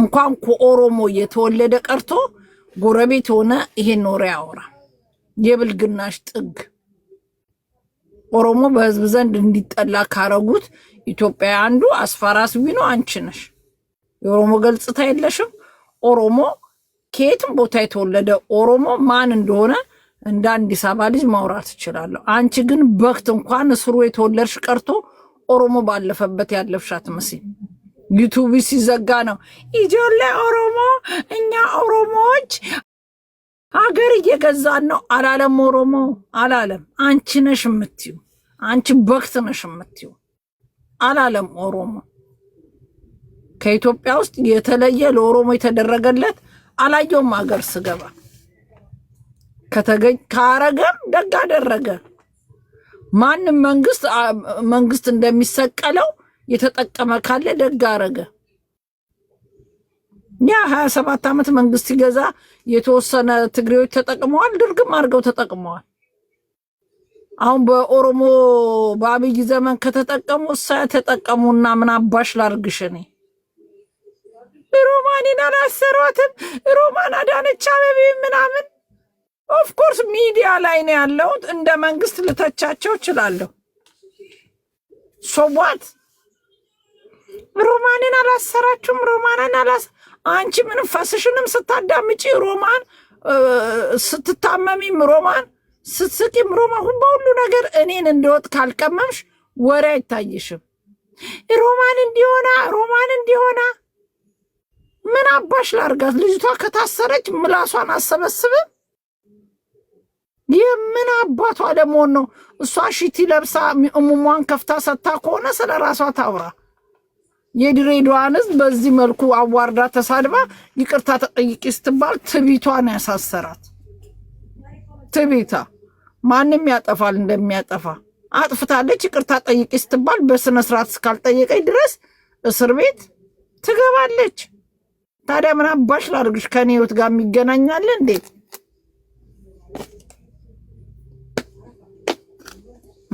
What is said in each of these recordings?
እንኳን ከኦሮሞ የተወለደ ቀርቶ ጎረቤት የሆነ ይሄን ወሬ ያወራ የብልግናሽ ጥግ። ኦሮሞ በህዝብ ዘንድ እንዲጠላ ካረጉት ኢትዮጵያ አንዱ አስፈራስቢ ነው። አንቺ ነሽ የኦሮሞ ገጽታ የለሽም። ኦሮሞ ከየትም ቦታ የተወለደ ኦሮሞ ማን እንደሆነ እንደ አዲስ አበባ ልጅ ማውራት እችላለሁ። አንቺ ግን በክት እንኳን እስሩ የተወለድሽ ቀርቶ ኦሮሞ ባለፈበት ያለፍሽ አትመስይም። ዩቱብ ሲዘጋ ነው። ኢጆሌ ኦሮሞ፣ እኛ ኦሮሞዎች ሀገር እየገዛን ነው አላለም። ኦሮሞ አላለም። አንቺ ነሽ የምትዩ አንቺ በክት ነሽ የምትዩ አላለም። ኦሮሞ ከኢትዮጵያ ውስጥ የተለየ ለኦሮሞ የተደረገለት አላየውም። ሀገር ስገባ ከተገኝ ካረገም ደግ አደረገ። ማንም መንግስት መንግስት እንደሚሰቀለው የተጠቀመ ካለ ደግ አረገ። ያ ሀያ ሰባት ዓመት መንግስት ሲገዛ የተወሰነ ትግሬዎች ተጠቅመዋል፣ ድርግም አድርገው ተጠቅመዋል። አሁን በኦሮሞ በአብይ ዘመን ከተጠቀሙ እሳ ተጠቀሙና ምን አባሽ ላርግሽ? እኔ ሮማኒን አላሰሯትም። ሮማን አዳነች አበቤ ምናምን ኦፍኮርስ ሚዲያ ላይ ነው ያለሁት። እንደ መንግስት ልተቻቸው እችላለሁ። ሶዋት ሮማንን አላሰራችሁም። ሮማንን አላስ አንቺ ምን ፈስሽንም ስታዳምጪ ሮማን ስትታመሚም ሮማን ስትስቂም ሮማን በሁሉ ነገር እኔን እንደወጥ ካልቀመምሽ ወሬ አይታይሽም። ሮማን እንዲሆና ሮማን እንዲሆና ምን አባሽ ላርጋት? ልጅቷ ከታሰረች ምላሷን አሰበስብም። የምን አባቷ ለመሆን ነው? እሷ ሽቲ ለብሳ እሙሟን ከፍታ ሰታ ከሆነ ስለ ራሷ ታውራ። የድሬዳዋን ሕዝብ በዚህ መልኩ አዋርዳ ተሳድባ ይቅርታ ተጠይቂ ስትባል ትቢቷን ያሳሰራት። ትቢታ ማንም ያጠፋል እንደሚያጠፋ አጥፍታለች። ይቅርታ ጠይቂ ስትባል በስነ ስርዓት እስካልጠየቀች ድረስ እስር ቤት ትገባለች። ታዲያ ምን አባሽ ላድርግሽ? ከኔ ህይወት ጋር የሚገናኛለ እንዴት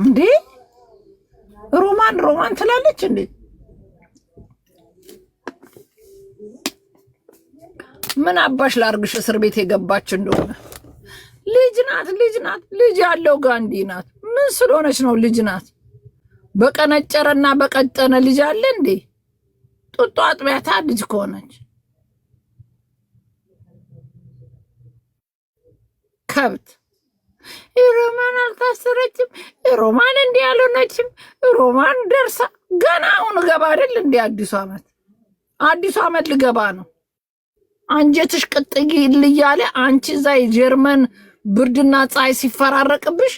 እንዴ? ሮማን ሮማን ትላለች እንዴ? ምን አባሽ ላርግሽ እስር ቤት የገባች እንደሆነ ልጅ ናት፣ ልጅ ናት። ልጅ ያለው ጋንዲ ናት። ምን ስለሆነች ነው ልጅ ናት? በቀነጨረና በቀጠነ ልጅ አለ እንዴ? ጡጦ አጥቢያታ ልጅ ከሆነች ከብት ሮማን አልታሰረችም። ሮማን እንዲህ ያልሆነችም ሮማን ደርሳ ገና አሁን ገባ አይደል እንዲህ አዲሱ አመት አዲሱ አመት ልገባ ነው። አንጀትሽ ቅጥጊ ልያለ አንቺ እዛ የጀርመን ብርድና ፀሐይ ሲፈራረቅብሽ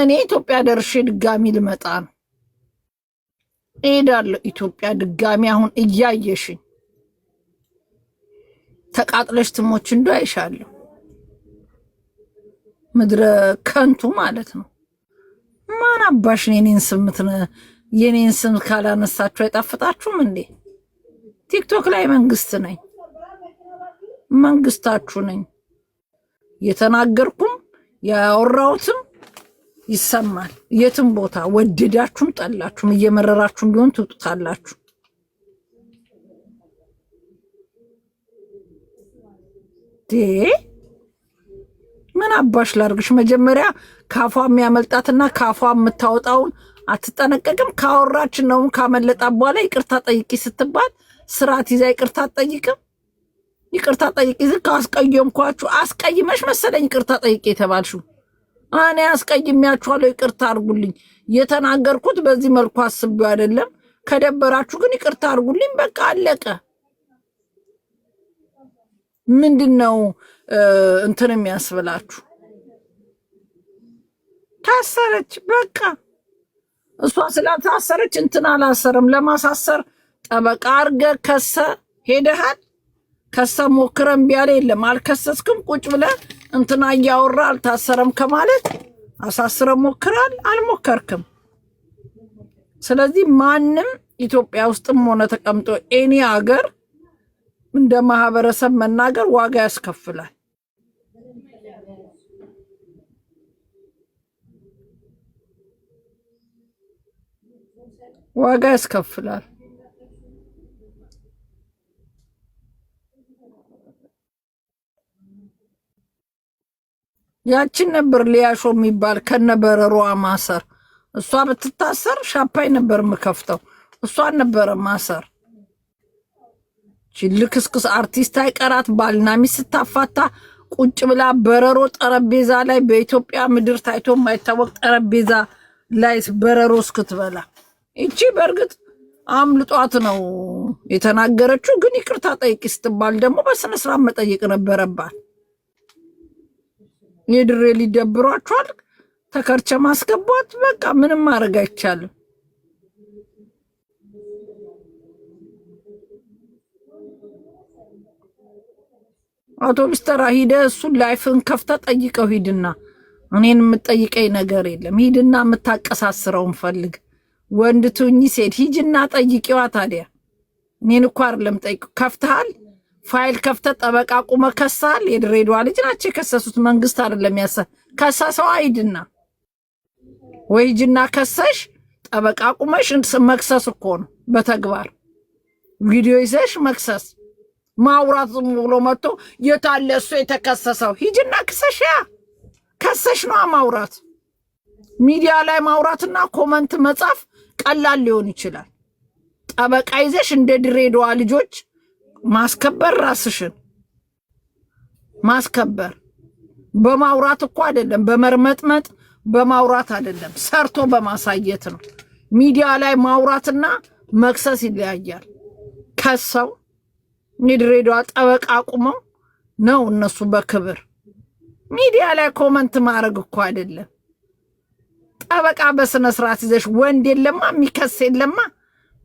እኔ ኢትዮጵያ ደርሼ ድጋሚ ልመጣ ነው። እሄዳለሁ ኢትዮጵያ ድጋሚ። አሁን እያየሽኝ ተቃጥለሽ ትሞች እንዶ አይሻለሁ። ምድረ ከንቱ ማለት ነው። ማን አባሽን የኔን ስምት የኔን ስም ካላነሳችሁ አይጣፍጣችሁም እንዴ? ቲክቶክ ላይ መንግስት ነኝ መንግስታችሁ ነኝ። የተናገርኩም ያወራሁትም ይሰማል። የትም ቦታ ወደዳችሁም ጠላችሁም እየመረራችሁም ቢሆን ትውጡታላችሁ። ምን አባሽ ላርግሽ? መጀመሪያ ካፏ የሚያመልጣትና ካፏ የምታወጣውን አትጠነቀቅም። ካወራችን ነው ካመለጣ በኋላ ይቅርታ ጠይቂ ስትባል ስርዓት ይዛ ይቅርታ አትጠይቅም። ይቅርታ ጠይቄ ዝክ አስቀየምኳችሁ። አስቀይመሽ መሰለኝ ይቅርታ ጠይቄ የተባልሽው። እኔ አስቀይሜያችኋለሁ፣ ይቅርታ አድርጉልኝ። የተናገርኩት በዚህ መልኩ አስቤው አይደለም። ከደበራችሁ ግን ይቅርታ አድርጉልኝ። በቃ አለቀ። ምንድን ነው እንትን የሚያስብላችሁ? ታሰረች በቃ እሷ ስላታሰረች እንትን አላሰረም። ለማሳሰር ጠበቃ አርገ ከሰ ሄደሃል ከሰ ሞክረም ቢያለ የለም አልከሰስክም። ቁጭ ብለ እንትና እያወራ አልታሰረም ከማለት አሳስረ ሞክራል፣ አልሞከርክም። ስለዚህ ማንም ኢትዮጵያ ውስጥም ሆነ ተቀምጦ ኤኒ ሀገር እንደ ማህበረሰብ መናገር ዋጋ ያስከፍላል። ዋጋ ያስከፍላል። ያችን ነበር ሊያሾ የሚባል ከነበረሯ ማሰር። እሷ ብትታሰር ሻፓይ ነበር የምከፍተው። እሷን ነበረ ማሰር። ልክስክስ አርቲስት አይቀራት ባልና ሚስት ስታፋታ ቁጭ ብላ በረሮ ጠረጴዛ ላይ በኢትዮጵያ ምድር ታይቶ የማይታወቅ ጠረጴዛ ላይ በረሮ እስክትበላ። ይቺ በእርግጥ አምልጧት ነው የተናገረችው፣ ግን ይቅርታ ጠይቂ ስትባል ደግሞ በስነስርዓት መጠየቅ ነበረባት። የድሬ ሊደብሯቸዋል። ተከርቸ ማስገባት በቃ ምንም ማድረግ አይቻልም። አቶ ሚስተር ሂደ እሱን ላይፍን ከፍተ ጠይቀው ሂድና፣ እኔን የምጠይቀኝ ነገር የለም። ሂድና የምታቀሳስረውን ፈልግ። ወንድ ትኝ ሴት ሂጅና ጠይቂዋ። ታዲያ እኔን እኮ አይደለም ጠይቅ ከፍተሃል ፋይል ከፍተ ጠበቃ ቁመ ከሳል። የድሬዳዋ ልጅ ናቸው የከሰሱት፣ መንግስት አይደለም ያሰ ከሰሰው አይድና ወይ ጅና ከሰሽ ጠበቃ ቁመሽ መክሰስ እኮ ነው በተግባር ቪዲዮ ይዘሽ መክሰስ ማውራት ዝም ብሎ መጥቶ የታለ እሱ የተከሰሰው? ሂጅና ክሰሽ። ያ ከሰሽ ነዋ ማውራት። ሚዲያ ላይ ማውራትና ኮመንት መጻፍ ቀላል ሊሆን ይችላል። ጠበቃ ይዘሽ እንደ ድሬዳዋ ልጆች ማስከበር ራስሽን ማስከበር በማውራት እኮ አይደለም፣ በመርመጥመጥ በማውራት አይደለም፣ ሰርቶ በማሳየት ነው። ሚዲያ ላይ ማውራትና መክሰስ ይለያያል። ከሰው የድሬዳዋ ጠበቃ አቁመው ነው እነሱ በክብር ሚዲያ ላይ ኮመንት ማድረግ እኮ አይደለም። ጠበቃ በስነ ስርዓት ይዘሽ ወንድ የለማ የሚከስ የለማ።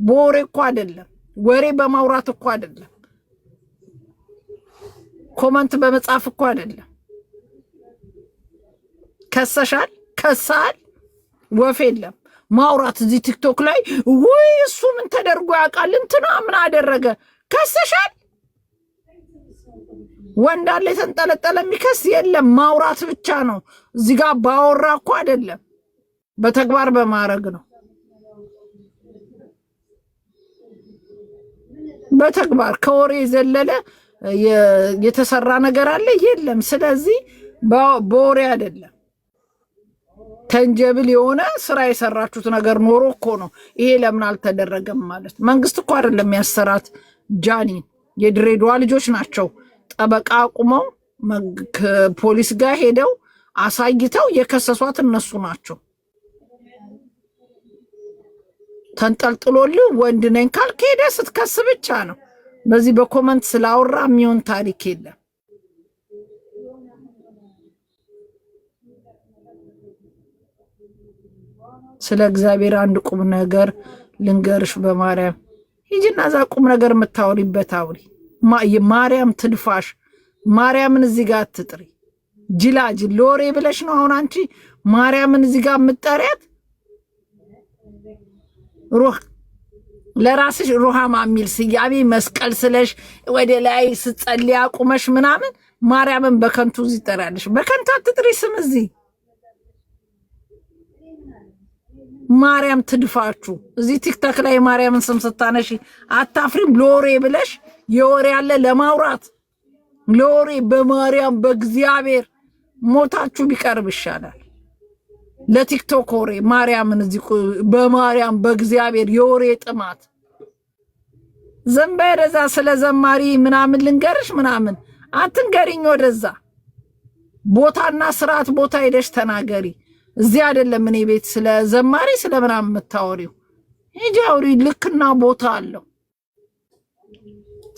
በወሬ እኮ አይደለም፣ ወሬ በማውራት እኮ አይደለም። ኮመንት በመጻፍ እኮ አይደለም። ከሰሻል ከሳል ወፍ የለም ማውራት እዚህ ቲክቶክ ላይ ወይ እሱ ምን ተደርጎ ያውቃል እንትና ምን አደረገ። ከሰሻል ወንድ አለ የተንጠለጠለ የሚከስ የለም። ማውራት ብቻ ነው። እዚህ ጋር ባወራ እኮ አይደለም፣ በተግባር በማድረግ ነው። በተግባር ከወሬ የዘለለ የተሰራ ነገር አለ የለም። ስለዚህ በወሬ አይደለም ተንጀብል የሆነ ስራ የሰራችሁት ነገር ኖሮ እኮ ነው ይሄ ለምን አልተደረገም ማለት። መንግስት እኮ አይደለም ያሰራት ጃኒን፣ የድሬዳዋ ልጆች ናቸው ጠበቃ አቁመው ፖሊስ ጋር ሄደው አሳይተው የከሰሷት እነሱ ናቸው። ተንጠልጥሎልህ ወንድ ነኝ ካልክ ሄደህ ስትከስ ብቻ ነው። በዚህ በኮመንት ስላወራ የሚሆን ታሪክ የለም። ስለ እግዚአብሔር አንድ ቁም ነገር ልንገርሽ። በማርያም ሂጂና እዛ ቁም ነገር የምታወሪበት አውሪ። ማርያም ትድፋሽ። ማርያምን እዚህ ጋር አትጥሪ። ጅላጅ ሎሬ ብለሽ ነው አሁን አንቺ ማርያምን እዚህ ጋር የምጠሪያት ሩህ ለራስሽ ሩሃማ የሚል ስያሜ መስቀል ስለሽ ወደ ላይ ስጸልይ አቁመሽ ምናምን ማርያምን በከንቱ እዚህ ይጠራልሽ። በከንቱ አትጥሪ ስም እዚህ ማርያም ትድፋችሁ። እዚህ ቲክታክ ላይ የማርያምን ስም ስታነሺ አታፍሪም? ሎሬ ብለሽ የወሬ አለ ለማውራት ሎሬ በማርያም በእግዚአብሔር ሞታችሁ ቢቀርብ ይሻላል። ለቲክቶክ ወሬ ማርያምን እዚህ በማርያም በእግዚአብሔር የወሬ ጥማት ዘንባ ወደዛ ስለ ዘማሪ ምናምን ልንገርሽ ምናምን አትንገሪኝ። ወደዛ ቦታና ስርዓት ቦታ ሄደሽ ተናገሪ። እዚህ አይደለም እኔ ቤት ስለ ዘማሪ ስለ ምናምን የምታወሪው። ሂጂ አውሪ። ልክና ቦታ አለው።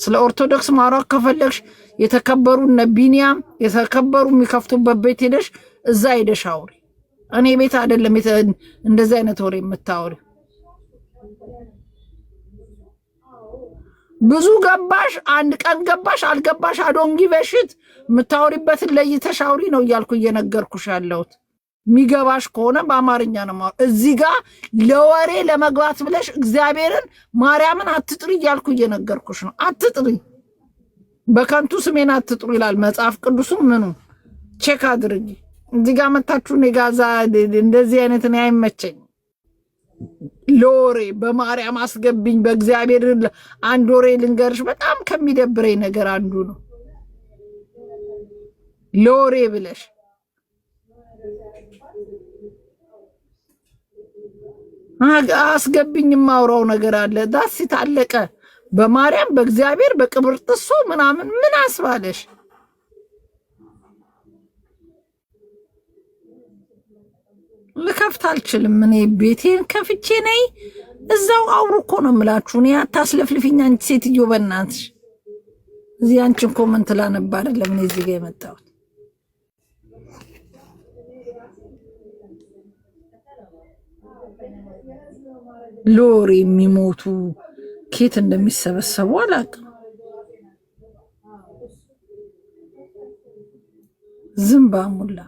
ስለ ኦርቶዶክስ ማውራት ከፈለግሽ የተከበሩ እነ የተከበሩ የሚከፍቱበት ቤት ሄደሽ እዛ ሄደሽ አውሪ። እኔ ቤት አይደለም እንደዚህ አይነት ወሬ የምታወሪው። ብዙ ገባሽ፣ አንድ ቀን ገባሽ አልገባሽ አዶንጊ በሽት የምታወሪበትን ለይተሽ አውሪ ነው እያልኩ እየነገርኩሽ ያለሁት። የሚገባሽ ከሆነ በአማርኛ ነው። እዚህ ጋ ለወሬ ለመግባት ብለሽ እግዚአብሔርን ማርያምን አትጥሪ እያልኩ እየነገርኩሽ ነው። አትጥሪ፣ በከንቱ ስሜን አትጥሩ ይላል መጽሐፍ ቅዱሱም። ምኑ ቼክ አድርጊ። እዚህ ጋር መታችሁ እኔ እንደዚህ አይነት እኔ አይመቸኝም። ለወሬ በማርያም አስገብኝ በእግዚአብሔር አንድ ወሬ ልንገርሽ፣ በጣም ከሚደብረኝ ነገር አንዱ ነው። ለወሬ ብለሽ አስገብኝ የማውራው ነገር አለ። ዳስ ሲታለቀ በማርያም በእግዚአብሔር በቅብር ጥሶ ምናምን ምን አስባለሽ? ልከፍት አልችልም። እኔ ቤቴን ከፍቼ ነይ እዛው አውሩ እኮ ነው የምላችሁ። እኔ አታስለፍልፊኝ አንቺ ሴትዮ በእናትሽ። እዚህ አንቺን ኮመንት ላነባ አይደለም እኔ እዚህ ጋ የመጣሁት። ሎር የሚሞቱ ኬት እንደሚሰበሰቡ አላውቅም። ዝምባ ሙላ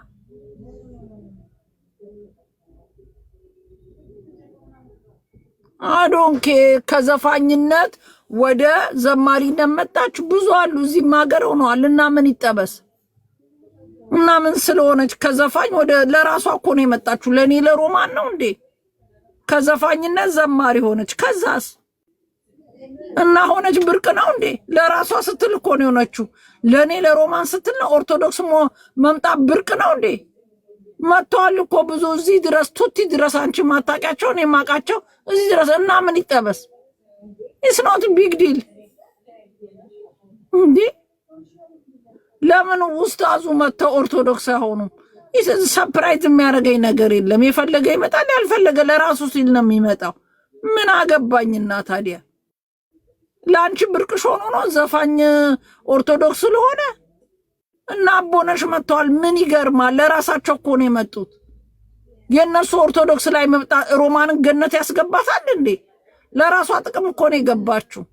አዶንኬ ከዘፋኝነት ወደ ዘማሪነት መጣች። ብዙ አሉ እዚህም ሀገር ሆነዋል። እና ምን ይጠበስ እና ምን ስለሆነች ከዘፋኝ ወደ ለራሷ እኮ ነው የመጣችሁ። ለእኔ ለሮማን ነው እንዴ? ከዘፋኝነት ዘማሪ ሆነች። ከዛስ እና ሆነች ብርቅ ነው እንዴ? ለራሷ ስትል እኮ ነው የሆነችው። ለእኔ ለሮማን ስትል ኦርቶዶክስ መምጣት ብርቅ ነው እንዴ? መጥተዋል እኮ ብዙ እዚህ ድረስ ቱቲ ድረስ አንቺ ማታውቂያቸው እኔ የማውቃቸው እዚህ ድረስ እና ምን ይጠበስ? ኢስኖት ቢግ ዲል እንዴ! ለምን ውስታዙ መጥተው ኦርቶዶክስ አይሆኑም? ሰፕራይዝ የሚያደርገኝ ነገር የለም። የፈለገ ይመጣል፣ ያልፈለገ ለራሱ ሲል ነው የሚመጣው። ምን አገባኝና ታዲያ ለአንቺ ብርቅሽ ሆኖ ነው ዘፋኝ ኦርቶዶክስ ስለሆነ እና አቦነሽ መጥተዋል። ምን ይገርማል? ለራሳቸው እኮ ነው የመጡት። የእነሱ ኦርቶዶክስ ላይ መጣ ሮማንን ገነት ያስገባታል እንዴ? ለራሷ ጥቅም እኮ ነው የገባችው።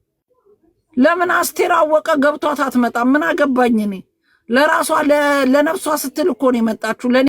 ለምን አስቴር አወቀ ገብቷት አትመጣም? ምን አገባኝ እኔ። ለራሷ ለነፍሷ ስትል እኮ ነው የመጣችሁ።